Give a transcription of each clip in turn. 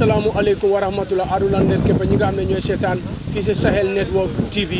asalaamualeykum wa rahmatulah aduna nder képp ñi nga xam ne ñooy seetaan fii si Sahel Network TV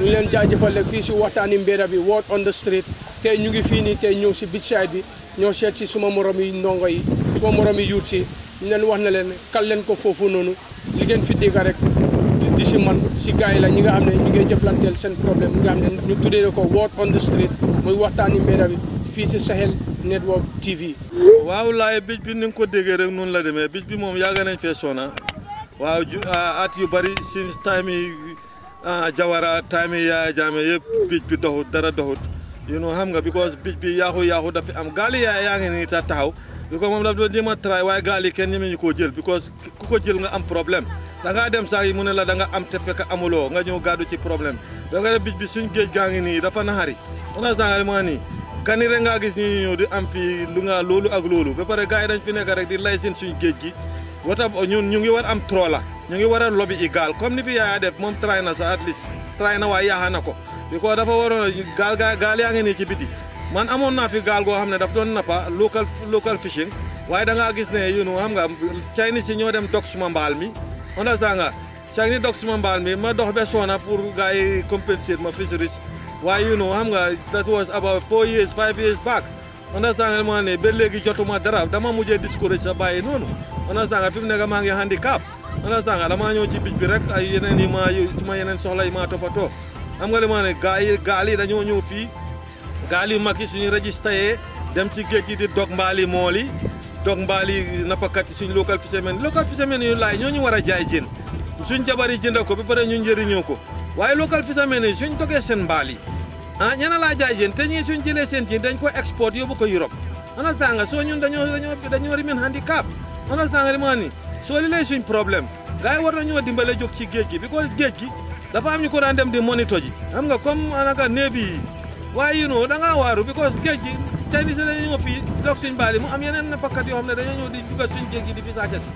ñu leen jaajëfal rek fii si waxtaani mbéda bi Word on the Street tey ñu ngi fii nii tey ñëw si beachside bi ñoo seet si suma morom yi ndongo yi suma moroom yi yuut si ñu leen wax na leen kal leen ko foofu noonu li ngeen fi dégg rek di si man si gars yi la ñi nga xam ne ñu ngi jëflanteel seen problème ne ñu tuddee ko Word on the Street muy waxtaani mbéda bi fii Sahel Network TV. waaw laay bij bi ni ko dege rek non la demé bij bi mom yaga nañ sona waaw at yu bari since time yi Jawara time ya jame Jammeh yëpp bij bi doxut dara doxut you know hamga because bij bi yaaxu da fi am gali ya yaa ngi ta taxaw because moom dafa doon try way gali ken ni ñemeñu ko jël because ku ko jël nga am problème da nga dem sax yi mune la da nga am te fekk amuloo nga ñëw gàddu ci problème doo ko def bij bi gaangi ni da fa nahari ona sangal mo ni kanire nga gis ñu di am fi lu nga lolu ak lolu ba pare gaay dañ fi nek rek di lay seen suñu geej gi wata ñun ñu ngi war am trola ñu ngi wara lobby i comme ni fi yaa def mom try na sa at least try na waaye yaaxa na ko because dafa waro gal gal yaa ngi ni ci biti man amon na fi gal go xamne daf doon local local fishing waaye da nga gis ne you know am nga Chinese ci ñoo dem dog suma mbal mi understand nga Chinese dog suma mbal mi ma dox be sona pour gaay compenser ma fisheries Why you know xam nga that was about four years five years back understand nga ma ne ba léegi jotuma dara dama mujjee discourage sa bàyyi noonu understand nga fi mu nekk maa handicap understand nga damaa ñëw ci picc bi rek ay yeneen yi maa suma you're yi maa you're nga li ma ne gaal yi gaal yi dañoo ñëw fii gaal yu mag yi suñu registré dem ci géej dog mbaali mool dog mbaali nappakat yi suñu local fishermen local fishermen are laay ñoo You war a jaay jën suñ jabar yi jënd ko ba pare ñu njëriñoo ko waaye local fishermen You suñ dogee seen mbaal yi ah ñana laa jaay jën te ñii suñ jëlee seen jën dañ ko export yóbbu ko Europe understand nga soo ñun dañoo dañoo dañoo remain handicap understand nga li ma ni soo li lay suñ problème gars yi war nañoo dimbale jóg ci géej gi bi ko géej gi dafa am ñu ko daan dem di monito ji xam nga comme anaka neebi yi waaye you know da ngaa waaru because géej gi Chinese dañoo ñëw fii dog suñ baal mu am yeneen nappkat yoo xam ne dañoo ñëw di dugga suñ géej gi di fi sàcca si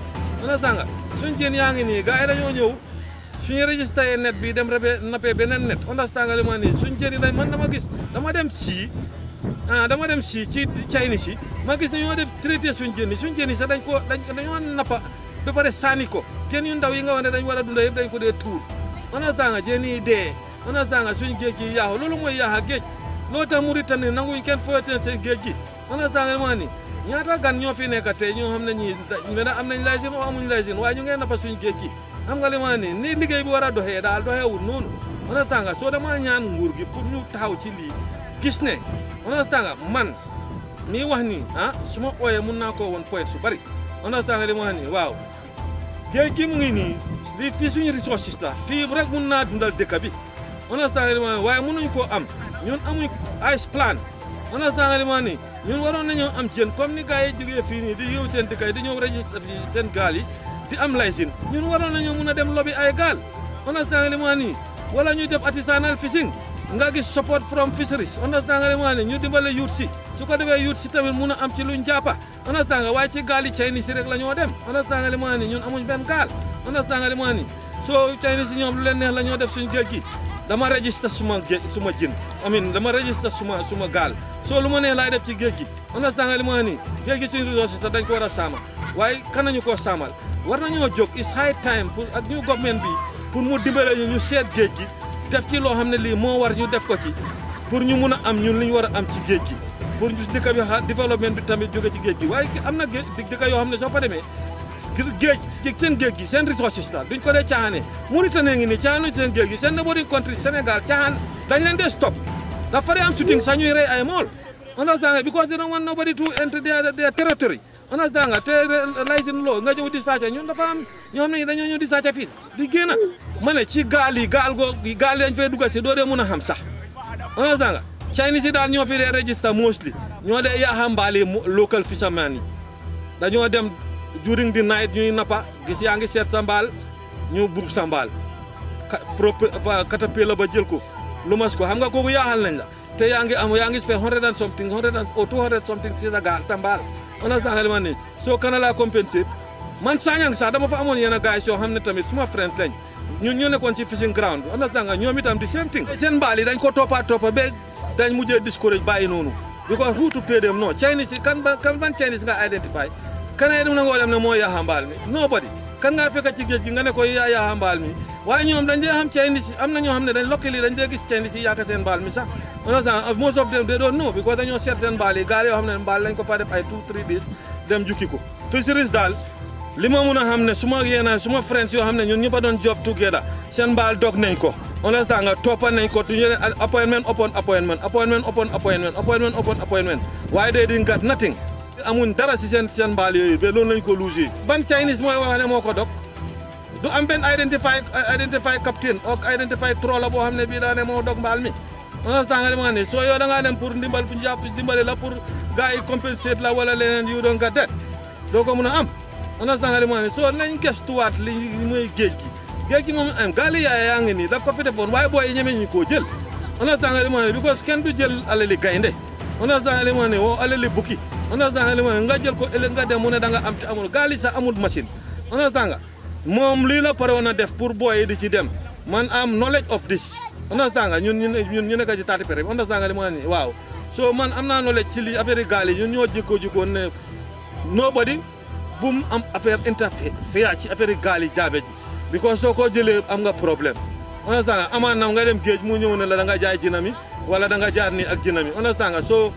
suñ jën yaa ngi nii gars yi ñëw suñu registré net bi dem rabe nappee beneen net understand nga li ma nii suñu jëri lañ man dama gis dama dem sii ah dama dem si ci Chine si ma gis dañoo def traité suñu suñ yi suñu jën yi sax dañ ko dañ dañoo nappa ba pare sànni ko jën yu ndaw yi nga wax ne dañ war a dunda yëpp dañ ko dee tuur understand nga jën dee understand nga suñu géej gi yaaxu loolu mooy yaaxa géej loolu tax Mauritanie nanguñ kenn foyatee seen géej gi understand nga li ma nii ñaata gan ñoo fi nekk tey ñoo xam ne ñii mel am nañ lay o amuñ lay sin ñu ngeen nappa suñu géej gi xam nga mani ni ni liggéey bi war a doxee dohe doxewul noonu on a so soo dama ñaan nguur gi pour ñu taxaw ci lii gis ne on a man mi wax ni ah su ma ooyee mun naa koo point su bari on a li mani wax ni waaw géej gi mu ngi nii li fii suñu ressources la fii rek mun na dundal dëkk bi on a li mani waaye mënuñ ko am ñun amuñ ice plan on a li mani ni ñun waroon nañoo am jën comme ni gars yi jógee fii di yóbbu seen dëkk di ñëw registre seen gaal ci am Jin ñun waral nañu mëna dem lobby ay gal understand nga li wala ñu def artisanal fishing nga gis support from fisheries understand nga li ma nii ñu dimbalé yuut ci su ko defee yuut si tamit mëna am ci luñ jàppa understand nga way ci gaali Chinese rek lañu dem understand nga li ma nii ñun amuñ benn gaal understand nga li ma Chinese ñom lu leen neex lañu def suñu geej gi dama register suma suma jin amin dama register suma suma gal so lu ma neex lay def ci geej gi understand nga li ma nii géej gi suñ ressources dañ ko wara sama. waye kan nañu war nañoo jóg it's high time pour ak ñu government bi pour mu dimbale ñu ñu seet géej gi def ci loo xam ne lii moo war ñu def ko ci pour ñu mun a am ñun li ñu war a am ci géej gi pour ñu dëkk bi développement bi tamit jóge ci géej gi waaye am na dëkk yoo xam ne soo fa demee géej seen géej gi seen ressources duñ ko dee caaxaane Mauritanie ngi nii caaxaanuñ seen géej gi seen neighboring country Sénégal caaxaan dañ leen dee stop dafa fari am shooting sax ñuy rey ay mool understand because they understand nga te licence lo, nga ñëw di sàcca ñun dafa am ñom ni dañu ñu di sàcca fi di gëna mané ci gal yi gaal goo gal lañ fay dugal si doo dee mun xam sax understand nga Chinese ci dal ñoo fi register mostly ñoo de ya xam local fisherman yi dañu dem during the night ñuy napa gis ya nga seet sambal ñu buub sambal katapela ba jël ko mas ko xam nga kooku yaaxal nañ la te ya nga am ya nga spend 100 and something 100 and 200 two hundred something ci sambal. understand li ma ne soo kana laa compensé man Sanyang sax dama fa amoon yenn gars oo xam ne tamit suma friends lañ ñun ñoo nekkoon ci fishing ground understand nga ñoom tam di same thing. seen mbaal yi dañ ko toppa toppa ba dañ mujjee discourage bàyyi noonu because who to pay them no Chinese yi kan ban kan ban Chinese nga identify kana yéen a nangoo ne moo yaaxa mbaal mi nobody kan ngaa fekk ci géej gi nga ne ko yaa yaa mbaal mi waaye ñoom dañ dee xam ceyndi ci am na ñoo xam ne dañ lokkali dañ dee ceyndi ci yaaka seen mbaal mi sax understand most of them they don't know because dañoo seet seen mbaal yi gaal yoo ne mbaal lañ ko fa def ay two three days dem jukki ko daal li ma mun a xam ne su ma yéena su ma friends yoo xam ne ñun ñëpp a doon job together seen mbaal dog nañ ko understand nga toppa nañ ko duñu leen appointment amun dara ci sen sen bal yoy be loolu lañ ko logé ban Chinese moy wax ne moko dok du am ben identify identify captain ok identify trop la bo ne bi da ne mo dok bal mi understand nga dem ma ne soo da nga dem pour ndimbal pour japp dimbalé la pour gaay compenser compensate la wala lenen yu do nga det do ko mëna am on understand nga dem ma ne soo nañ gestuwaat li moy géej gi géej gi mom am gal ya ya ngi ni da ko fi defoon way boy ñëmé ñi ko jël understand nga dem ma because ken du jël alali gaynde understand nga dem ma ne alali bukki understand nga li mooy nga jël ko ëllëg nga dem mu ne da am te amul gaali sa amul machine understand nga moom lii la pare woon a def pour booy di ci dem man am knowledge of this understand nga ñun ñun ñu nekk ci taati pere bi understand nga li mooy nii waaw so man am naa knowledge ci lii affaire yi gaali ñun ñoo jikko jikkoon ne nobody bu mu am affaire interfere ci affaire yi gaali jaabe ji because soo ko jëlee am nga problème understand nga amaan na nga dem géej mu ñëw ne la da nga jaay jinami wala da nga jaar nii ak jinami understand nga so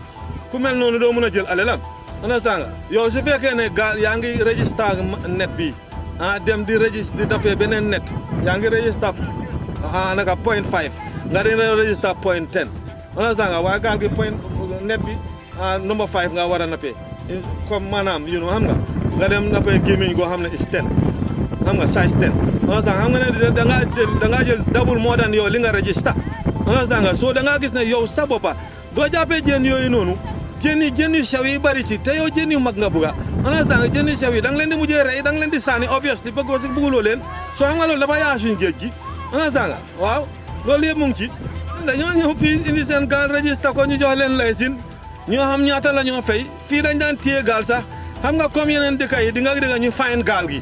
ku mel noonu doo mën a jël alalam understand nga yow su fekkee ne gaal yaa ngi registar net bi ah, dem di registre di dappee beneen net yaa ngi registar ah, naka point five nga di registar point ten understand nga waaye gaal gi point net bi ah number five nga war a nappee comme maanaam yu xam nga nga dem nappee gémmiñ goo xam ne is ten xam nga size ten understand xam nga ne da ngaa jël da ngaa moo daan yow li nga registar understand nga soo da gis ne yow sa boppa doo jàppee jën yooyu noonu Jenny Jenny shawi bari ci te jeni mag nga buga on a tant jën yu sew di mujjé ray dang len di sani obviously bëggo ci bëgguloo lo len so nga la dafa yaa wow, géej gi on a tant waaw lo yëpp mu ngi ci dañu ñu fi indi sen gal registre ko ñu jox leen laysin ñoo xam ñaata la fay fi dañ dan téye gal sax xam nga comme yenen dëkk kay di nga ñu gal gi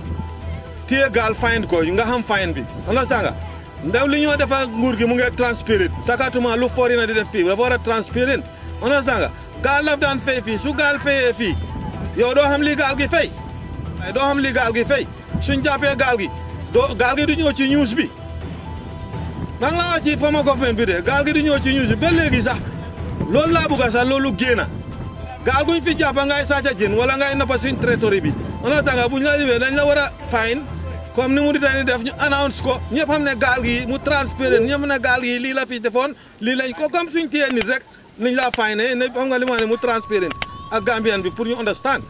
gal ko nga xam fayin bi on a tant ndaw li ñoo defa nguur gi mu ngi transparent sakatuma lu forina di def fi dafa wara transpirer transparent on a gaal daf daan fay fii su gaal fayee fii yow doo xam li gaal gi fay waaye doo xam li gaal gi fay suñ jàppee gaal gi doo gaal gi du ñëw ci news bi maa ngi laa wax ci former government bi de gaal gi du ñëw ci news bi ba léegi sax loolu laa bëgg sax loolu génn gaal guñ fi jàpp ngay sàcca jën wala ngay nappa suñ trésorier bi on a tànga buñ la yëwee dañ la war a fine ni mu di tani def ñu announce ko ñëpp xam ne gaal gi mu transparent ñëpp xam ne gaal gi lii la fi defoon lii lañ ko comme suñ téye nit rek niñ laa fayne xam nga li ma ne mu transparent ak Gambian bi pour ñu understand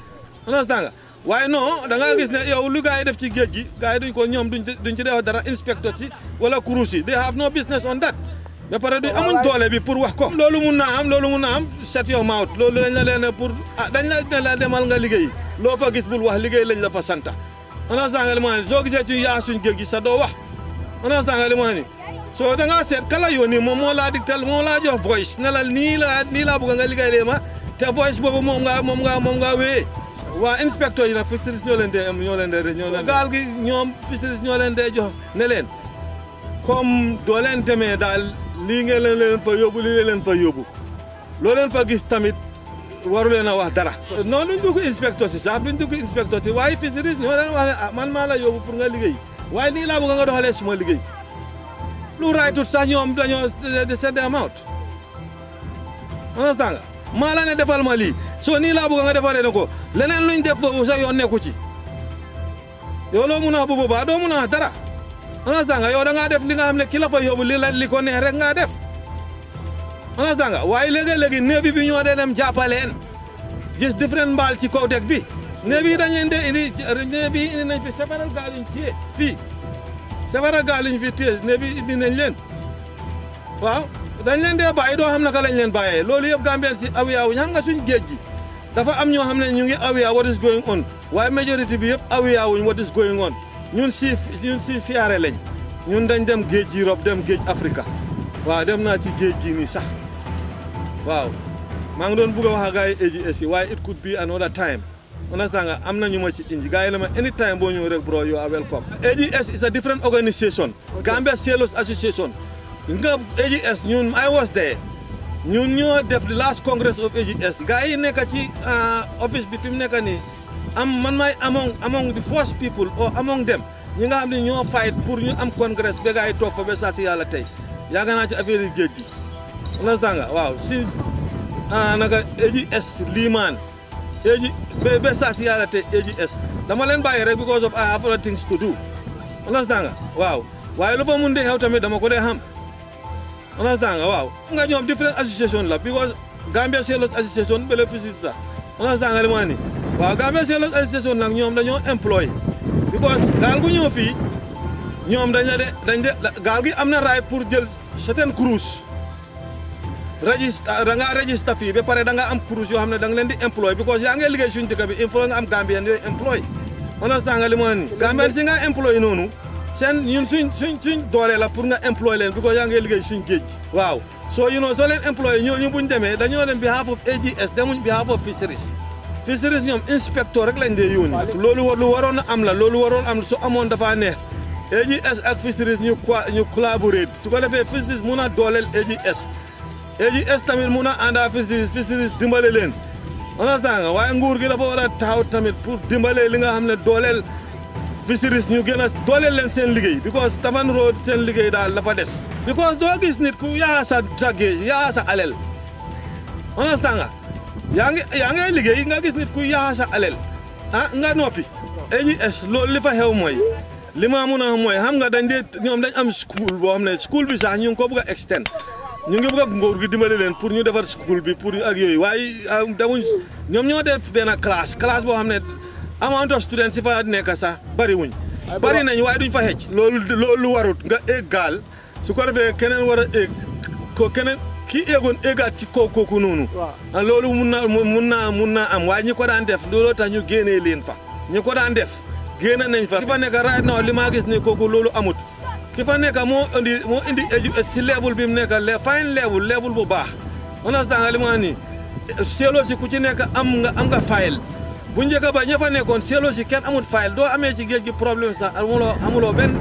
understand nga waaye non da ngaa gis ne yow lu gars yi def ci géej gi gars yi duñ ko ñoom duñ ci duñ ci def dara inspecteur si wala cruise yi no business on that. ba pare du amuñ doole bi pour wax ko. loolu mun naa am loolu mu naa am set yow maawut loolu dañ la leen pour ah, dañ la ne la demal nga liggéey loo fa gis bul wax liggéey lañ la fa santa understand nga li ma ne soo gisee ci yaa suñ géej gi sa doo wax understand nga li ma ne soo da ngaa seet kala yónni moom moo laa diktal moo laa jox voice ne nii laa nii laa nga liggéey lee te voice boobu moom ngaa moom ngaa moom ngaa wéyee waa inspecteur yi nag fisheries ñoo leen dee am ñoo leen dee ñoo leen ñoom fisheries ñoo leen dee jox ne leen comme doo leen demee daal lii ngeen leen leen fa yóbbu lii leen fa yóbbu loo leen fa gis tamit waru leen a wax dara non duñ dugg inspecteur si sax duñ dugg inspecteur si waaye fisheries ñoo wax ne ah man maa la yóbbu pour nga liggéey waaye liggéey lu raaytut sa ñoom dañoo set eh, them out understand maa la ne defal ma lii soo nii laa bëgg nga defaree ko leneen luñ def foofu sax yoon nekku ci yow mu naa a bu boobaa doo mu naa dara understand nga yow da ngaa def li nga xam ne ki la fa yóbbu li la li ko neex rek ngaa def understand nga waaye léegi-léegi néew bi bi ñoo dee dem jàppaleen gis different mbaal ci kaw dek bi néew bi dañ leen dee indi nañ fi several gaal yuñ fii safara gaal yi ñu fi téye ne bi indi nañ leen waaw dañ leen dee bàyyi doo xam naka lañ leen bàyyee loolu yëpp Gambien si awiyaawu ñu xam nga suñ géej gi dafa am ñoo xam ne ñu ngi awiyaaw what is going on waaye majorité bi yëpp awiyaawuñ what is going on ñun si ñun si fiyaare lañ ñun dañ dem géej Europe dem géej afrika waa dem naa ci géej gi nii sax waaw maa ngi doon bugg a wax ak gars yi waaye it could be another time understand am na ñu ma ci inji gars la ma anytime boo ñëw rek bro you are welcome AGS is a different organisation Gambia Sailors Association nga AGS ñun I was there ñun ñoo def the last congress of AGS gars yi nekk ci uh, office bi fi mu nekk am man maay among among the first people or among them ñi nga xam ñoo fight pour ñu am congress ba gars yi toog fa ba saa si yàlla tey yàgg naa ci affaire yi géej gi understand nga waaw uh, liimaan AG, Besasialate AGS. Namalan by Ray because of I have other things to do. Understand? Wow. Why love Monday how to make them a ham? Understand? Wow. Nga nyom different association la because Gambia Sailors Association bele physics la. Understand ngale mani. Wa Gambia Sailors Association lang nyom dañu employ because gal gu ñoo fi ñom dañ de dañ de gal gi amna right pour jël certaine cruise registre da ngaa registre fii ba pare da ngaa am cruise yoo xam ne da nga leen di employé because yaa ngi liggéey suñu dëkk bi il faut nga am Gambien yooyu employé understand nga li ni Gambien si nga employé noonu seen ñun suñ suñ suñ doole la pour nga employé leen because yaa ngi liggéey suñ géej waaw soo you know soo leen employé ñooñu buñ demee dañoo dem behalf of AGS demuñ behalf of fisheries fisheries ñoom inspecteur rek lañ dee yónni loolu waroon am la loolu waroon am su amoon dafaa neex AGS ak fisheries ñu ñu collaborate su ko defee fisheries mun a dooleel AGS eji es tamit mun a ànda fi si fi si dimbale leen understand nga waaye nguur gi dafa war a taxaw tamit pour dimbale li nga xam ne dooleel fisheries ñu gën a dooleel leen seen liggéey because Taman Road seen liggéey daal dafa des because doo gis nit ku yaa sa sa géej sa alel understand nga yaa ngi yaa ngay liggéey nga gis nit ku yaa sa alel ah nga noppi eji es lool li fa xew mooy li maa ma mun a mooy xam nga dañ dee ñoom dañ am school boo xam ne school bi sax ñu ngi ko bëgg a extend ñu ngi bëgg ak gi dimbali leen pour ñu defar school bi pour ak yooyu waaye ah, demuñ ñoom ñoo def benn classe classe boo xam ne amount of students si fa nekk sax bari wuñ bari nañ waaye duñ fa xëcc loolu loolu warut nga éeg gaal su ko defee keneen war a éeg ko keneen kii éegoon éegaat ci kaw kooku noonu ah, loolu mun na mun naa mun naa am waaye ñi ko daan def looloo ta ñu génnee leen fa ñi ko daan def génne nañ fa ki fa nekk right now li maa gis ne kooku loolu amut ki fa nekk moo indi moo indi si leebul bi mu nekk le fine leebul leebul bu baax understand nga li ma nii seeloo si ku ci nekk am nga am nga fayil bu njëkk ba ña fa nekkoon seeloo si kenn amul fayil doo amee ci géej gi problème sax amuloo amuloo benn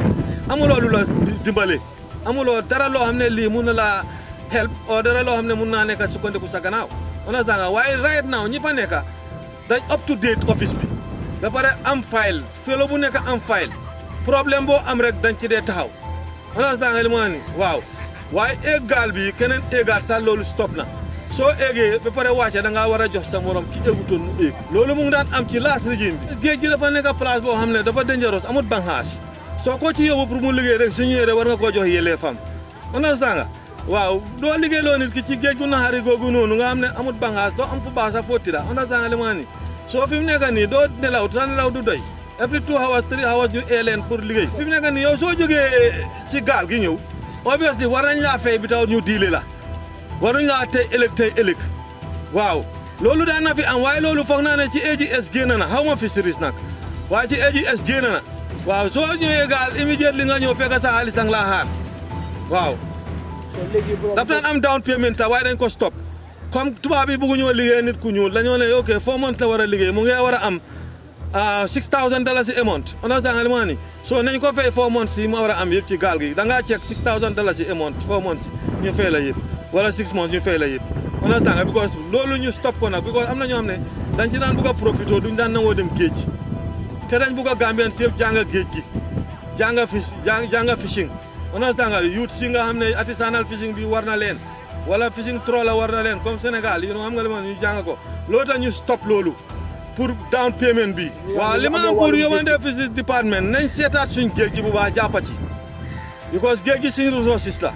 amuloo lu la dimbale amuloo dara loo xam ne lii mun na laa help o dara loo xam ne mun naa nekk sukkandiku sa gannaaw understand nga waaye right naaw ñi fa nekk dañ op to date office bi ba pare am fayil seeloo bu nekk am fayil problème boo am rek dañ ci dee taxaw xanaa saa nga li waaw waaye eeg gaal bi keneen eegaat sax loolu stop na soo eegee ba pare wàcce da ngaa war a jox sa morom ki eegutoon mu loolu mu ngi daan am ci laas rijin bi géej gi dafa nekk place boo xam ne dafa dangereux amut banxaas soo ko ci yóbbu pour mu liggéey rek su ñëwee rek war nga koo jox yëlee fam xanaa nga waaw doo liggéey loo nit ki ci géej gu naxari googu noonu nga xam ne amut banxaas doo am fu baax sax foo tira xanaa saa nga li ma ni soo fi mu nekk nii du doy every two hours three hours ñu ee leen pour liggéey fi mu nekk nii yow soo jógee ci gaal gi ñëw obviously war nañ laa fay bi taw ñu diile la war nañ laa tey ëllëg tey ëllëg waaw loolu daan na fi am waaye loolu foog naa ne ci AGS génn na xaw ma fisheries nag waaye ci AGS génn na waaw soo ñëwee gaal immédiate li nga ñëw fekk sa xaalis sang laa xaar waaw daf daan am down payment sax waaye ko stop comme tubaab bi bëggu ku ñuul dañoo ne ok foo mën la war liggéey mu ngi war a am ah six thousand dalasi a month understand li ma ni so nañ ko fay four months yi ma war a am yëpp ci gaal gi da ngaa ceeg six thousand dalasi a month four months ñu fay la yëpp wala six months ñu fay la yëpp understand because loolu ñu stop ko nag because am na ñoo ne dañ ci daan bugg a profité duñ daan nangoo dem géej te dañ bugg a gambien si jànga géej gi jànga fish jànga fishing understand nga youth si nga xam ne artisanal fishing bi war na leen wala fishing trawler war na leen comme Sénégal yi nga xam nga li ko loolu tax ñu pour down payment bi. waa li ma am pour yóbbante physique département nañ seetaat suñ géej gi bu baax jàppa ci. because géej gi suñ ressources la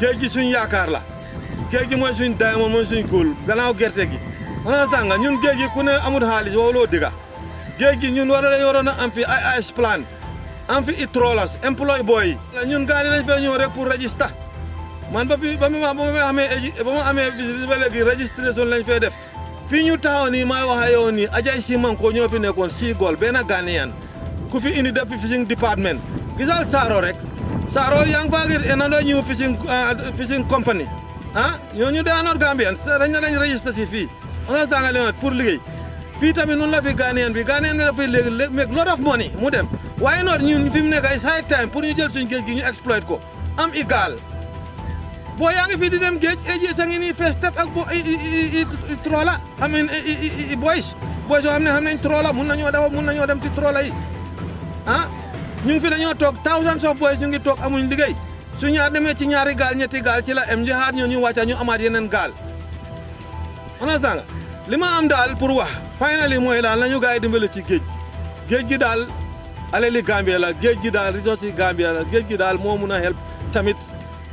géej gi suñ yaakaar la géej gi mooy suñ diamond mooy suñ góol ganaaw gerte gi. xanaa tànga ñun géej gi ku ne amul xaalis wawloo dëgga géej gi ñun war nañoo waroon a am fi ay ice plan am fi itrolas employ boy ñun gaal yi lañ fee ñëw rek pour register man ba fi ba ma ba ma amee ba ma amee visite ba léegi registration def. fii ñu taxaw nii may wax ak yow nii Ajay Simanko ñoo fi nekkoon sii gol benn Ghanaian ku fi indi def fi fishing department gisal Saaro rek Saaro yaa ngi faa gis another new fishing ah, fishing company ah ñooñu they are not Gambian dañ ne dañ registré si fi understand nga li pour liggéey fii tamit noonu la fi Ghanaian bi Ghanaian bi dafay léegi léegi make lot of mu dem waaye noonu ñun fi mu nekk ay side time pour ñu jël suñu géej gi ñu exploit ko am égal boo yaa fi di dem géej géej tang ngi first step tef ak bo trola i eh, eh, eh, boys boys am xam ne xam nañ trola mun nañu daw mun nañu dem ci trola yi ah ñu fi dañu tok thousands of boys ñu ngi tok amuñ liggey su ñaar demé ci ñaari gal ñetti gal ci la em jihad ñu ñu wàcca ñu amaat yenen gal understand nga lima am dal pour wax finally moy daal lañu gars yi dimbale ci géej géej gi daal li Gambia la géej gi daal ressources yi Gambia la géej gi daal moo help tamit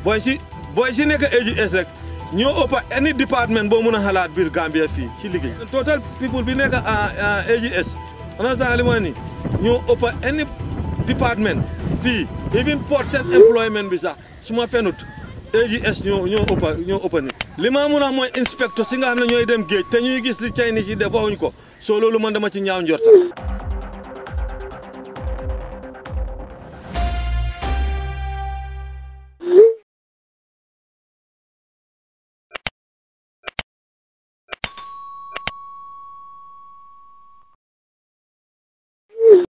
boy ci booy si nekk AGS rek ñoo ëppa any department boo mun a xalaat biir Gambia fii si liggéey total people bi nekk AGS anastan li ma ni ñoo ëppa any department fii even port set employment bi sax su ma fenut AGS ñoo ñoo ëppa ñoo ëppa li ma mun a mooy inspecteur si nga xam ñooy dem géej te ñuy gis li Chinese yi def waxuñ ko soo loolu man ma ci ñaaw njorta